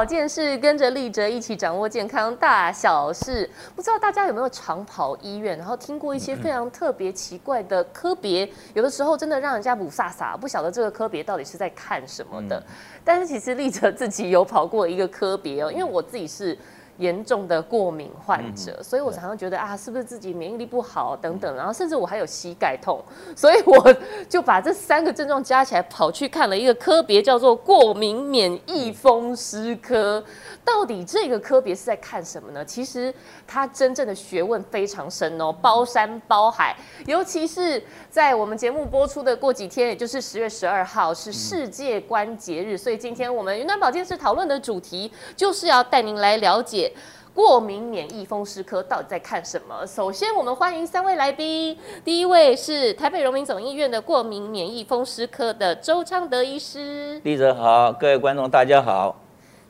保健室跟着立喆一起掌握健康大小事，不知道大家有沒有常跑醫院，然後聽過一些非常特別奇怪的科別，嗯、有的時候真的讓人家霧煞煞，不曉得這個科別到底是在看什麼的。嗯、但是其實立喆自己有跑過一個科別哦，因為我自己是。嚴重的過敏患者，所以我常常覺得啊，是不是自己免疫力不好等等，然後甚至我還有膝蓋痛，所以我就把這三個症狀加起來跑去看了一個科別，叫做過敏免疫風濕科。到底這個科別是在看什麼呢？其實它真正的學問非常深哦、喔，包山包海，尤其是在我們節目播出的過幾天，也就是十月十二號，是世界關節日，所以今天我們雲端保健室討論的主題就是要帶您來了解。過敏免疫風濕科到底在看什麼？首先，我們歡迎三位來賓。第一位是台北榮民總醫院的過敏免疫風濕科的周昌德醫師，立喆好，各位觀眾大家好。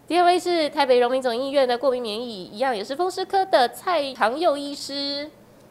第二位是台北榮民、民總醫院的過敏免疫一樣也是風濕科的蔡長祐醫師，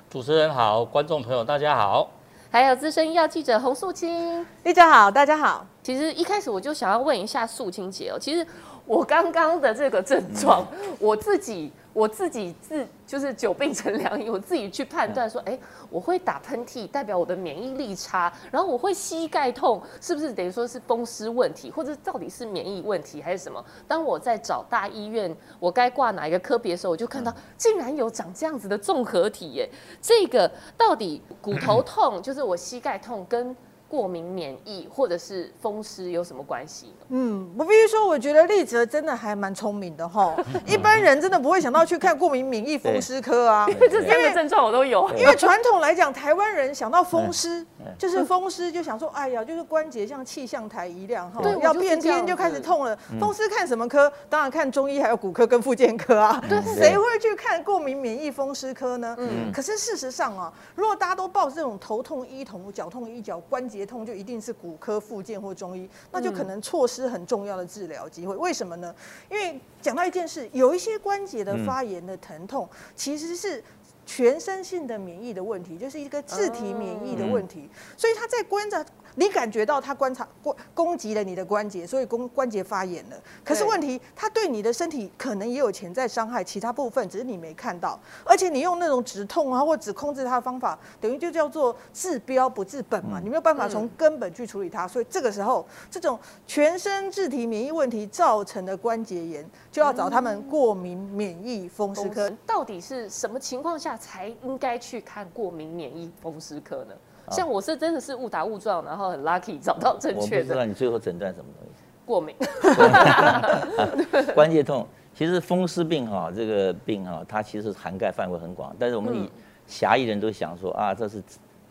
主持人好，觀眾朋友大家好。還有資深醫藥記者洪素卿，立喆好，大家好。其實一開始我就想要問一下素卿姐哦、喔，其實。我剛剛的這個症狀，我自己我自己自就是久病成良醫，我自己去判斷說，哎、欸，我會打噴嚏，代表我的免疫力差，然後我會膝蓋痛，是不是等於說是風濕問題，或者到底是免疫問題還是什麼？當我在找大醫院，我該掛哪一個科別的時候，我就看到竟然有長這樣子的綜合體，欸，哎，這個到底骨頭痛就是我膝蓋痛跟。過敏免疫或者是風濕有什麼關係呢？嗯，我必須說，我覺得立喆真的還蠻聰明的齁，一般人真的不會想到去看過敏免疫風濕科啊，因為這三個症狀我都有。因為傳統來講，台灣人想到風濕。對就是風濕就想說，哎呀，就是關節像氣象台一樣哈，要變天就開始痛了。風濕看什麼科？當然看中醫，還有骨科跟復健科啊。對，誰會去看過敏免疫風濕科呢？嗯對。可是事實上啊，如果大家都抱着這種頭痛醫頭、腳痛醫腳、關節痛就一定是骨科、復健或中醫，那就可能錯失很重要的治療機會。為什麼呢？因為講到一件事，有一些關節的發炎的疼痛，嗯、其實是。全身性的免疫的問題，就是一個自體免疫的問題，oh. 所以他在觀察。你感覺到它，觀察過攻擊了你的關節，所以關關節發炎了。可是問題，它對你的身體可能也有潛在傷害，其他部分只是你沒看到。而且你用那種止痛啊或只控制它的方法，等於就叫做治標不治本嘛，你沒有辦法從根本去處理它。嗯、所以這個時候，這種全身自體免疫問題造成的關節炎，就要找他們過敏免疫風濕科。嗯、到底是什麼情況下才應該去看過敏免疫風濕科呢？像我是真的是誤打誤撞，然後很 lucky 找到正確的，嗯。我不知道你最後診斷什麼東西？過敏。 關節痛，其實風濕病哈、啊，這個病哈、啊，它其實涵蓋範圍很廣。但是我們以狹義人都想說啊，這是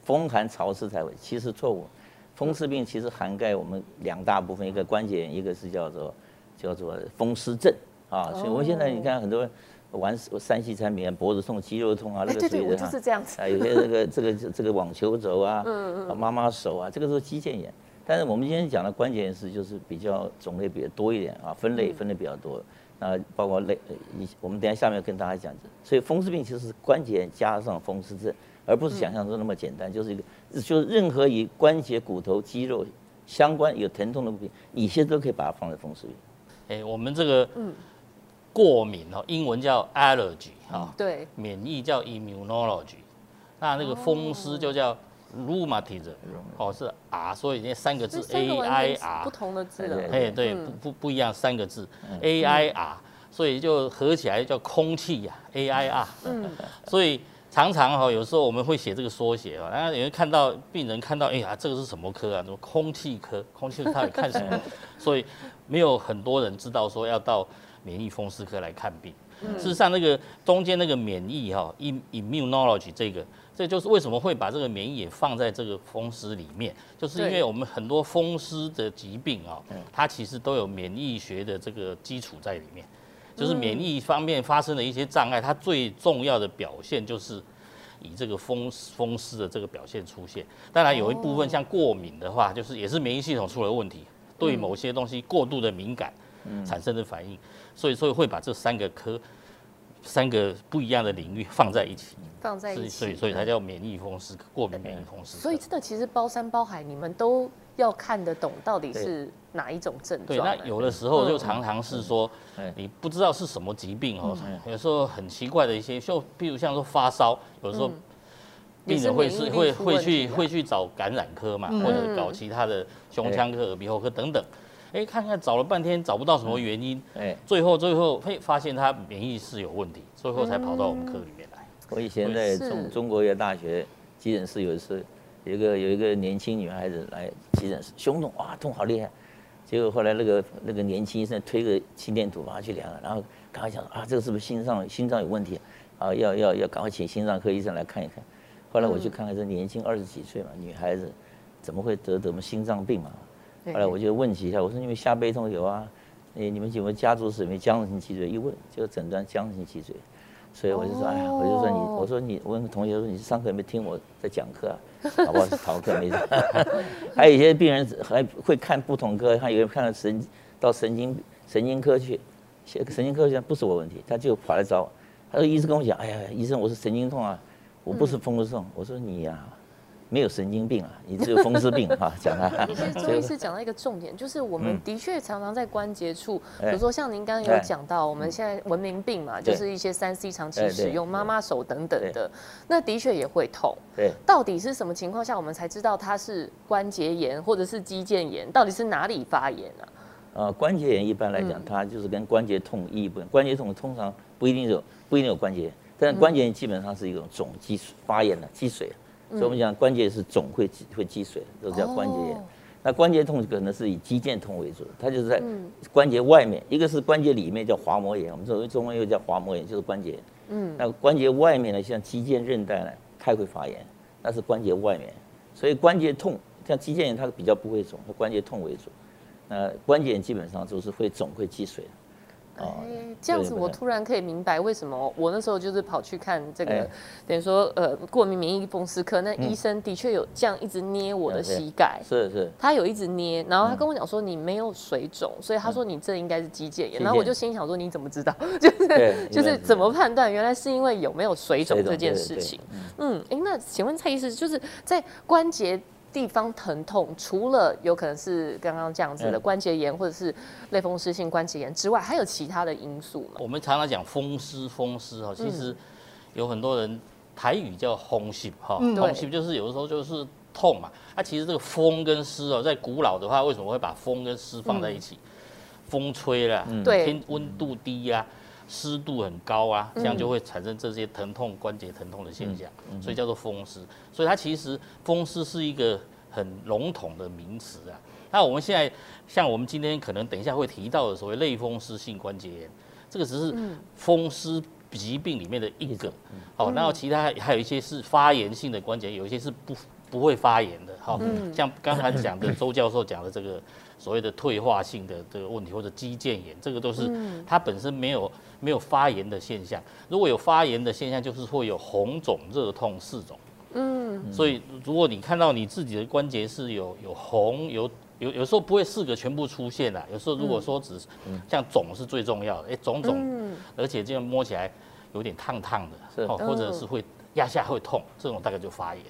風寒潮濕才會，其實錯誤。風濕病其實涵蓋我們兩大部分，一個關節，一個是叫做叫做風濕症啊。所以我們現在你看很多人。玩山西產品，脖子痛、肌肉痛啊，那個誰的哈？對對啊，有些這,、啊、這個這個這個網球肘啊, 啊，媽媽手啊，這個都是肌腱炎。但是我們今天講的關節炎是就是比較種類比較多一點啊，分類分類比較多。那、嗯啊、包括類，我們等下下面跟大家講。所以風濕病其實是關節炎加上風濕症，而不是想象中那麼簡單，嗯、就是一個就是任何與關節、骨頭、肌肉相關有疼痛的疾病，一切都可以把它放在風濕病。哎，我們這個嗯。過敏哦，英文叫 allergy 哈，對，免疫叫 immunology，那那個風濕就叫 rheumatism。哦是 r，所以那三個字 a i r 不同的字，哎對，不不不一樣三個字 a i r，所以就合起來叫空氣呀 a i r，嗯，所以常常哈有時候我們會寫這個縮寫啊，然後有人看到病人看到哎呀這個是什麼科啊？什麼空氣科？空氣科看什麼？所以沒有很多人知道說要到。免疫風濕科來看病。嗯、事實上，那個中間那個免疫哈、啊，immunology 這個，這就是為什麼會把這個免疫也放在這個風濕裡面，就是因為我們很多風濕的疾病啊，它其實都有免疫學的這個基礎在裡面，就是免疫方面發生的一些障礙，它最重要的表現就是以這個風風濕的這個表現出現。當然，有一部分像過敏的話，就是也是免疫系統出了問題，對某些東西過度的敏感。嗯、產生的反應，所以說會把這三個科，三個不一樣的領域放在一起，放在一起，所以所以才叫免疫風濕、過敏免疫風濕。所以真的其實包山包海，你們都要看得懂到底是哪一種症狀對，那有的時候就常常是說，嗯、你不知道是什麼疾病哦，嗯、有時候很奇怪的一些，就譬如像說發燒，有時候病人會是會會去會去找感染科嘛，嗯、或者搞其他的胸腔科，對耳鼻喉科等等。哎，看看找了半天找不到什麼原因，哎、嗯，最後最後嘿發現他免疫是有問題，最後才跑到我們科裡面來。嗯、我以前在中中國醫藥大學急診室，有一次，有一個有一個年輕女孩子來急診室，胸痛哇痛好厲害，結果後來那個那個年輕醫生推個心電圖馬上去量，了，然後趕快想啊這個是不是心臟心臟有問題啊，啊要要要趕快請心臟科醫生來看一看，後來我去看看這年輕二十幾歲嘛女孩子，怎麼會得什麼心臟病嘛？對對對，後來我就問起一下，我說你們下背痛有啊？你你們幾位家族史有沒有僵？僵直性脊椎一問就診斷僵直性脊椎，所以我就說，哦、哎呀，我就說你，我說你，我問同學說你上課有沒有聽我在講課啊？好不好逃 課沒錯？ 嗯、還有一些病人還會看不同科，看有人看到神到神經神經科去，神經科講不是我問題，他就跑來找我，他說醫生跟我講，哎呀，醫生我是神經痛啊，我不是風濕痛，嗯、我說你呀、啊。沒有神經病啊，你只有風濕病哈、啊， 講啊 他。你是周醫師講到一個重點，就是我們的確常常在關節處，比如說像您剛剛有講到，我們現在文明病嘛，就是一些三 C 長期使用、媽媽手等等的，那的確也會痛。對，到底是什麼情況下我們才知道它是關節炎或者是肌腱炎？到底是哪裡發炎啊？呃，嗯、關節炎一般來講，它就是跟關節痛意義不一樣。關節痛，痛通常不一定有，不一定有關節炎，但關節炎基本上是一種腫、積水發炎的、啊、積水、啊。所以我們講關節是腫，會積會積水，都是叫關節炎。那關節痛可能是以肌腱痛為主，它就是在關節外面，一個是關節裡面叫滑膜炎，我們中文中文又叫滑膜炎，就是關節炎。嗯，那關節外面呢，像肌腱、韌帶呢，它也會發炎，那是關節外面。所以關節痛像肌腱炎，它比較不會腫，以關節痛為主。那關節炎基本上都是會腫會積水。哎、欸，這樣子我突然可以明白為什麼我那時候就是跑去看這個，欸、等於說呃，過敏免疫風濕科、嗯、那醫生的確有這樣一直捏我的膝蓋、嗯，是是，他有一直捏，然後他跟我講說你沒有水腫，嗯、所以他說你這應該是肌腱炎，然後我就心想說你怎麼知道？嗯、就是對就是怎麼判斷？原來是因為有沒有水腫這件事情。嗯，哎、欸，那請問蔡醫師就是在關節。地方疼痛，除了有可能是剛剛這樣子的關節炎或者是類風濕性關節炎之外，還有其他的因素嗎？我們常常講風濕，風濕哈，其實有很多人台語叫風濕哈，風濕就是有的時候就是痛嘛。它對、啊、其實這個風跟濕哦，在古老的話，為什麼會把風跟濕放在一起？風吹了，對天溫度低呀、啊。濕度很高啊，這樣就會產生這些疼痛，關節疼痛的現象，所以叫做風濕。所以它其實風濕是一個很籠統的名詞啊。那我們現在像我們今天可能等一下會提到的所謂類風濕性關節炎，這個只是風濕疾病裡面的一個。好，然後其他還有一些是發炎性的關節，有一些是不不會發炎的。好，像剛才講的周教授講的這個所謂的退化性的這個問題，或者肌腱炎，這個都是它本身沒有。沒有發炎的現象，如果有發炎的現象，就是會有紅腫熱痛四種。嗯，所以如果你看到你自己的關節是有有紅有有，有時候不會四個全部出現的，啊，有時候如果說只是，嗯、像腫是最重要的，哎，腫腫，嗯，而且這樣摸起來有點燙燙的，是或者是會壓下會痛，這種大概就發炎。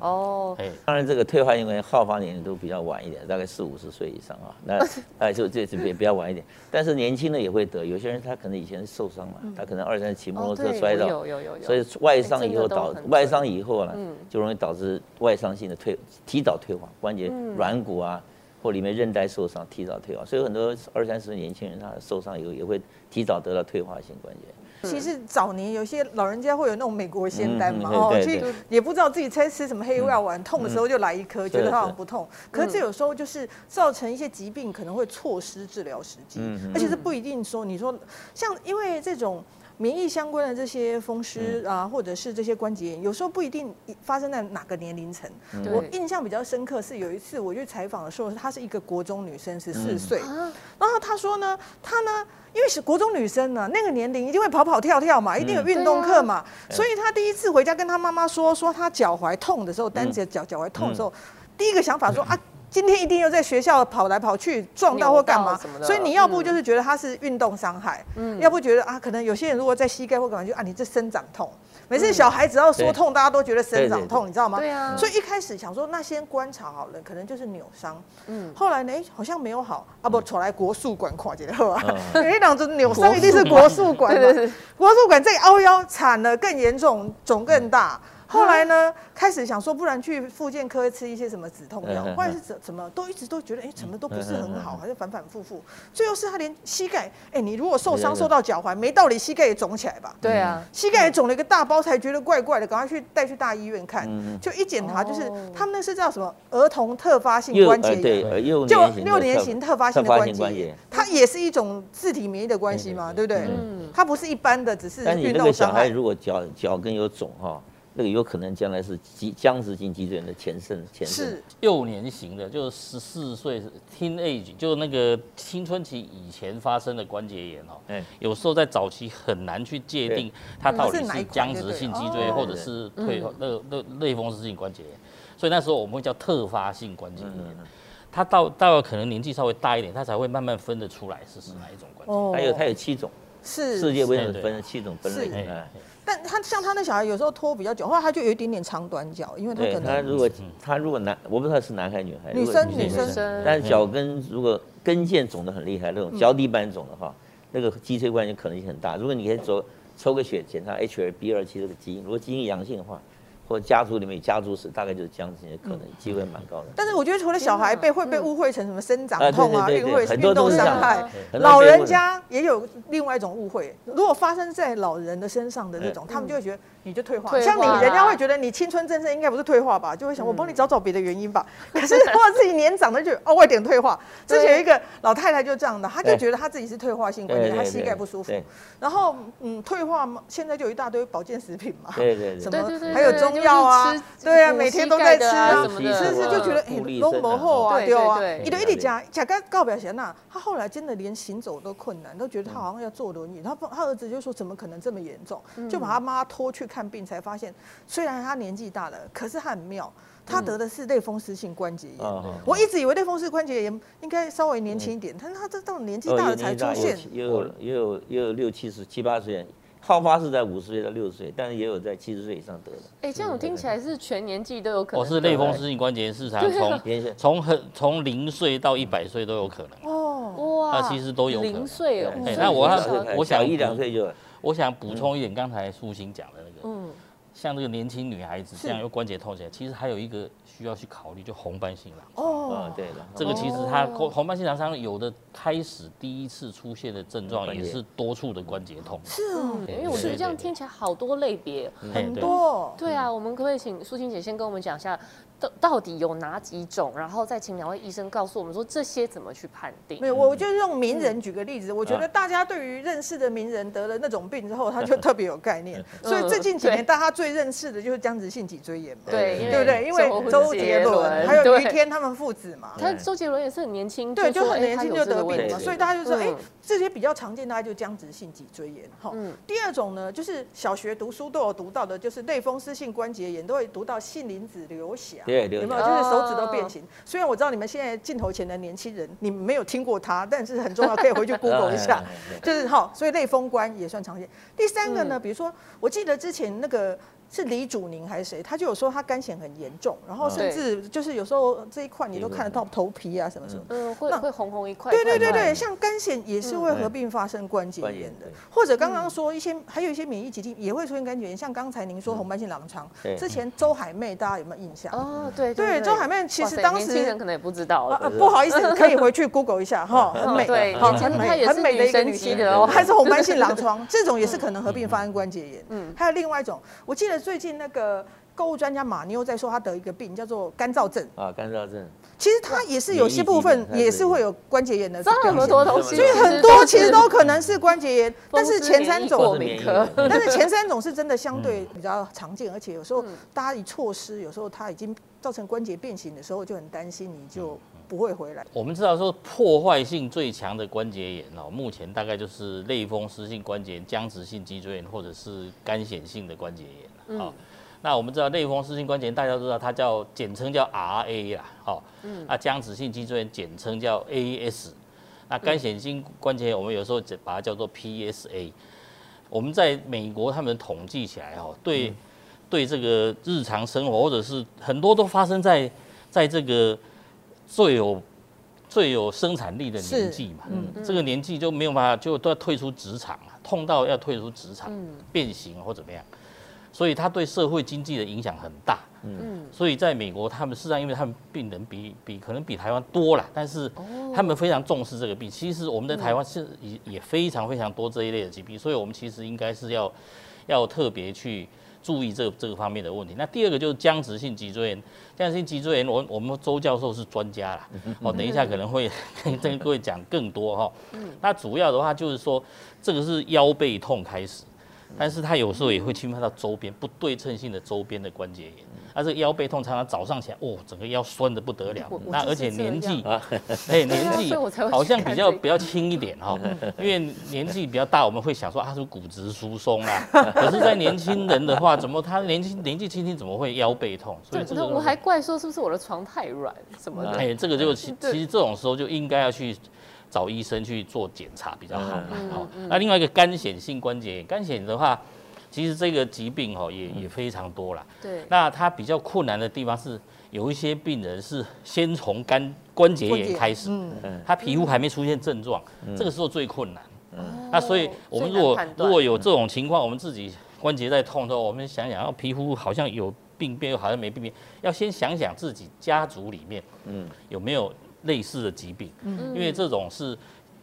哦，哎，當然這個退化因為好發年齡都比較晚一點，大概四五十歲以上啊，那哎就這這比較晚一點，但是年輕的也會得，有些人他可能以前受傷嘛，他可能二三十騎摩托車摔倒，哦，所以外傷以後導外傷以後呢，就容易導致外傷性的退提早退化關節軟骨啊。嗯或裡面韌帶受傷，提早退化，所以很多二三十年輕人他受傷以後也會提早得到退化性關節。嗯、其實早年有些老人家會有那種美國仙丹嘛，嗯、哦，其實也不知道自己在吃什麼黑藥丸，嗯、痛的時候就來一顆，嗯、覺得他好像不痛。是是，可是這有時候就是造成一些疾病，可能會錯失治療時機，嗯、而且是不一定說、嗯、你說像因為這種。免疫相關的這些風濕啊，嗯、或者是這些關節炎，有時候不一定發生在哪個年齡層。嗯、我印象比較深刻，是有一次我去採訪的時候，她是一個國中女生，十四歲，嗯啊、然後她說呢，她呢，因為是國中女生呢、啊，那個年齡一定會跑跑跳跳嘛，嗯、一定有運動課嘛，嗯啊、所以她第一次回家跟她媽媽說說她腳踝痛的時候，嗯、單隻腳腳踝痛的時候，嗯嗯、第一個想法說啊。嗯今天一定要在學校跑來跑去，撞到或幹嘛？所以你要不就是覺得他是運動傷害，嗯，要不覺得啊，可能有些人如果在膝蓋或幹嘛就啊，你這生長痛。每次小孩只要說痛，大家都覺得生長痛，你知道嗎？對啊。所以一開始想說那先觀察好了，可能就是扭傷，嗯。後來呢，好像沒有好啊，不，出來國術館跨界了啊。一檔子扭傷一定是國術館的，國術館這裡凹腰慘了，更嚴重，腫更大。後來呢，開始想說，不然去復健科，吃一些什麼止痛藥，或者是怎怎麼都一直都覺得，哎，怎麼都不是很好，還是反反復復。最後是他連膝蓋，哎，你如果受傷受到腳踝沒道理，膝蓋也腫起來吧？對啊，膝蓋也腫了一個大包，才覺得怪怪的，趕快去帶去大醫院看。就一檢查，就是他們那是叫什麼兒童特發性關節炎，對，就幼年型特發性的關節炎，它也是一種自體免疫的關係嘛，對不對？嗯，它不是一般的，只是運動傷害。但你那個小孩如果腳腳跟有腫哈？那個有可能將來是僵直性脊椎炎的前身，前身是幼年型的，就是十四歲 teenage 就那個青春期以前發生的關節炎哦，有時候在早期很難去界定它到底是僵直性脊椎或者是退化那那個、類風濕性關節炎，所以那時候我們會叫特發性關節炎，它到到了可能年紀稍微大一點，它才會慢慢分得出來是是哪一種關節炎，哦、還有它有七種，是世界衛生分的七種分類是。但他像他那小孩，有時候拖比較久，後來他就有一點點長短腳，因為他可能他如果、嗯、他如果男，我不知道是男孩女孩，女生女生。女生女生但是，腳跟如果跟腱腫得很厲害，那種腳底板腫的話，嗯、那個脊椎關節可能性很大。如果你可以走抽個血檢查 HLA-B27 這個基因，如果基因陽性的話，或家族裡面有家族史，大概就是這樣子，可能機、嗯、會蠻高的。但是我覺得，除了小孩被會被誤會成什麼生長痛啊、運、嗯、哎、動傷害，老人家也有另外一種誤會。如果發生在老人的身上的那種，嗯、他們就會覺得。你就退化，像你人家會覺得你青春正盛，應該不是退化吧？就會想我幫你找找別的原因吧。可是碰到自己年長的就哦，我有點退化。之前一個老太太就這樣的，她就覺得她自己是退化性關節，她膝蓋不舒服。然後嗯，退化嘛，現在就有一大堆保健食品嘛，對對對，什麼還有中藥啊，對啊，每天都在吃啊什麼的，吃吃就覺得哎，多麼厚啊，對。啊，一堆一的加。剛剛告表賢吶，他後來真的連行走都困難，都覺得他好像要坐輪椅。他她兒子就說怎麼可能這麼嚴重？就把他媽拖去看病才發現，雖然他年紀大了，可是他很妙。他得的是類風濕性關節炎。我一直以為類風濕關節炎應該稍微年輕一點，但是他這種年紀大了才出現。有也有也有六七十、七八十歲，好發是在五十歲到六十歲，但是也有在七十歲以上得的。哎，這樣我聽起來是全年紀都有可能。我是類風濕性關節炎是啥？從從很從零歲到一百歲都有可能。哦哇，其實都有可能。零歲，那我我想一兩歲就。我想補充一點，剛、嗯、才素卿講的那個，嗯，像這個年輕女孩子這樣又關節痛起來，其實還有一個需要去考慮，就紅斑性狼，哦，對的，這個其實它、哦、紅斑性狼瘡有的開始第一次出現的症狀也是多處的關節痛，嗯、是，嗯、因為我覺得這樣聽起來好多類別、嗯、很多，對啊，我們可不可以請素卿姐先跟我們講一下？到底有哪幾種？然後再請兩位醫生告訴我們說這些怎麼去判定？沒有，我就是用名人舉個例子。我覺得大家對於認識的名人得了那種病之後，他就特別有概念。所以最近幾年大家最認識的就是僵直性脊椎炎嘛，對不對？因為周杰倫，還有余天他們父子嘛。他周杰倫也是很年輕，對，就很年輕就得病嘛，所以大家就說，哎，這些比較常見，大家就僵直性脊椎炎。哈，第二種呢，就是小學讀書都有讀到的，就是類風濕性關節炎，都會讀到杏林子劉俠。對對對有沒有？就是手指都變形。Oh. 雖然我知道你們現在鏡頭前的年輕人，你們沒有聽過他，但是很重要，可以回去 Google 一下。 就是哈，所以類風關也算常見。第三個呢，比如說，我記得之前那個。是李祖寧還是誰？他就有說他乾癬很嚴重，然後甚至就是有時候這一塊你都看得到頭皮啊什麼什麼，嗯，會紅紅一塊。對對對對，像乾癬也是會合併發生關節炎的，或者剛剛說一些還有一些免疫疾病也會出現關節炎，像剛才您說紅斑性狼瘡，之前周海媚大家有沒有印象？對，周海媚其實當時年輕人，可能也不知道，不好意思，可以回去 Google 一下哈，很美，很美，很美的一個女性，還是紅斑性狼瘡，這種也是可能合併發生關節炎。嗯，還有另外一種，我記得。最近那個購物專家馬妞在說，她得一個病叫做乾燥症啊，乾燥症。啊、乾燥症其實它也是有些部分也是會有關節炎的，所以很多，東西很多，其實都可能是關節炎。是是，但是前三種是、嗯、但是前三種是真的相對比較常見，嗯、而且有時候大家一錯失，有時候它已經造成關節變形的時候就很擔心，你就不會回來。嗯、我們知道說破壞性最強的關節炎哦，目前大概就是類風濕性關節炎、僵直性脊椎炎或者是乾癬性的關節炎。嗯哦、那我們知道類風濕性關節炎，大家都知道它叫簡稱叫 RA 啦，哦，嗯，啊，僵直性脊椎炎簡稱叫 AS，乾癬、嗯、性關節炎我們有時候把它叫做 PSA。我們在美國他們統計起來哦，對、嗯、對這個日常生活或者是很多都發生在在這個最有最有生產力的年紀嘛，嗯，嗯，這個年紀就沒有辦法，就都要退出職場了，痛到要退出職場，嗯、變形或怎麼樣。所以它對社會經濟的影響很大，嗯，嗯、所以在美國他們事實上，因為他們病人比比可能比台灣多啦，但是他們非常重視這個病。其實我們在台灣是也也非常非常多這一類的疾病，所以我們其實應該是要要特別去注意這這個方面的問題。那第二個就是僵直性脊椎炎，僵直性脊椎炎，我們我們周教授是專家啦，哦，等一下可能會跟各位講更多哈、哦。那主要的話就是說，這個是腰背痛開始。但是他有時候也會侵犯到周邊不對稱性的周邊的關節炎，那、嗯啊、這個腰背痛常常早上起來哦，整個腰酸的不得了。嗯、那而且年紀，哎、欸、年紀好像比較比較輕一點哈、哦，嗯、因為年紀比較大，我們會想說啊，是不是骨質疏鬆啦、啊。嗯、可是在年輕人的話，怎麼他年輕年紀輕輕怎麼會腰背痛？對對、就是，我還怪說是不是我的床太軟什麼的？哎、欸，這個就其對 其實這種時候就應該要去。找醫生去做檢查比較好嘛。好，那另外一個乾癬性關節炎，乾癬的話，其實這個疾病哈也也非常多了。對。嗯、那它比較困難的地方是，有一些病人是先從乾癬關節炎開始，他、嗯、皮膚還沒出現症狀，嗯、這個時候最困難。嗯、那所以我們如果如果有這種情況，我們自己關節在痛的時候，我們想想，要皮膚好像有病變，又好像沒病變，要先想想自己家族裡面，嗯，有沒有？類似的疾病，嗯，因為這種是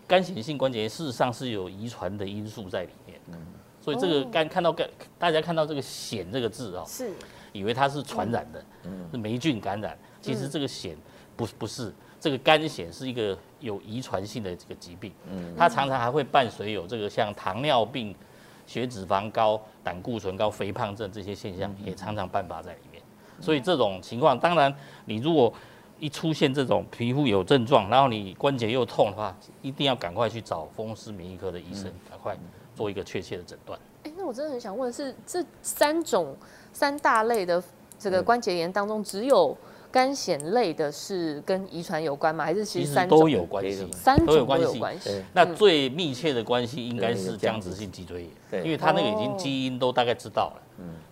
乾癬性關節炎，事實上是有遺傳的因素在裡面，嗯、所以這個乾、哦、看到乾癬，大家看到這個癬這個字哦，是，以為它是傳染的，嗯，是霉菌感染，嗯、其實這個癬不不是，這個乾癬是一個有遺傳性的這個疾病，嗯，嗯它常常還會伴隨有這個像糖尿病、血脂肪高、膽固醇高、肥胖症這些現象也常常伴發在裡面，嗯、所以這種情況，當然你如果一出現這種皮膚有症狀，然後你關節又痛的話，一定要趕快去找風濕免疫科的醫生，趕、嗯、快做一個確切的診斷。哎、欸，那我真的很想問是，這三種三大類的這個關節炎當中，對只有乾癬類的是跟遺傳有關嗎？還是其實,三種其實都有關係？三種都有關係。對那最密切的關係應該是僵直性脊椎炎，對因為它那個已經基因都大概知道了，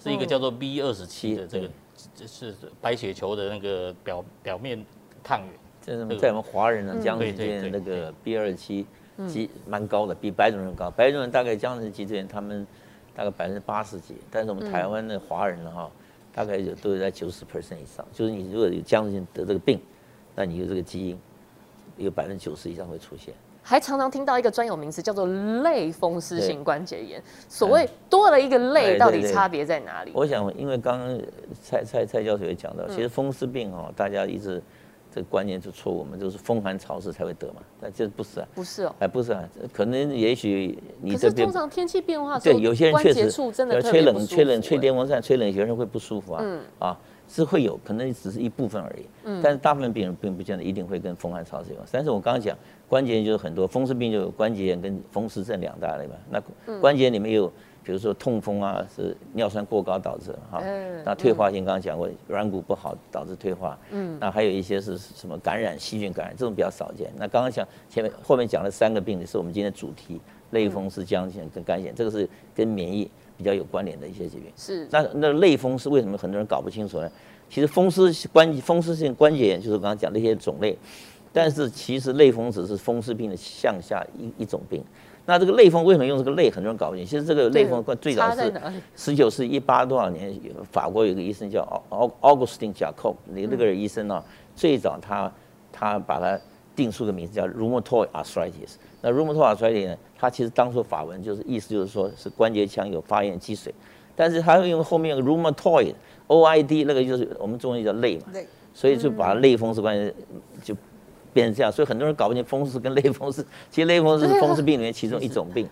對是一個叫做 B 二十七的這個。對這是白血球的那個表表面抗原，在我們華人的、啊、僵、嗯、直那那個 B 二七、嗯、基蠻高的，比白種人高，白種人大概僵直性基因他們大概百分之八十幾，但是我們台灣的華人呢，哈，大概就、嗯、都在九十 percent 以上。就是你如果有僵直性得這個病，那你有這個基因，有百分之九十以上會出現。還常常聽到一個專有名詞叫做類風濕性關節炎，對所謂多了一個“類”，到底差別在哪裡？對對對我想，因為剛剛蔡蔡蔡教授也講到，嗯、其實風濕病哦，大家一直這個觀念就錯誤，我們就是風寒潮濕才會得嘛，但這不是啊，不是哦，哎不是啊，可能也許你這可是通常天氣變化的，對有些人確實要吹冷吹冷吹電風扇，吹冷學生會不舒服啊，嗯、啊。是會有可能只是一部分而已，但是大部分病人並不見得一定會跟風寒潮濕、嗯、但是我剛剛講關節炎就是很多風濕病，就有關節炎跟風濕症兩大類吧。那關節裡面有，嗯、比如說痛風啊，是尿酸過高導致哈、嗯哦。那退化性剛剛講過，嗯、軟骨不好導致退化。嗯，那還有一些是什麼感染，細菌感染這種比較少見。那剛剛講前面後面講了三個病例，是我們今天的主題：類風濕、僵性跟乾癬，嗯、這個是跟免疫。比較有關聯的一些疾病是，那那個、類風濕為什麼很多人搞不清楚呢？其實風濕關節風濕性關節炎就是剛剛講那些種類，但是其實類風濕是風濕病的向下一一種病。那這個類風濕為什麼用這個類？很多人搞不清楚。其實這個類風濕最早是十九世紀一八多少年，法國有個醫生叫奧奧 Augustin Jacob 那個醫生呢、啊，嗯、最早他他把他。定數的名字叫 rheumatoid arthritis。那 rheumatoid arthritis 呢，它其實當初法文就是意思就是說是關節腔有發炎積水，但是它又用後面有個 rheumatoid o i d，那個就是我們中文叫類嘛，所以就把類風濕關節就變成這樣。所以很多人搞不清風濕跟類風濕，其實類風濕是風濕病裡面其中一種病。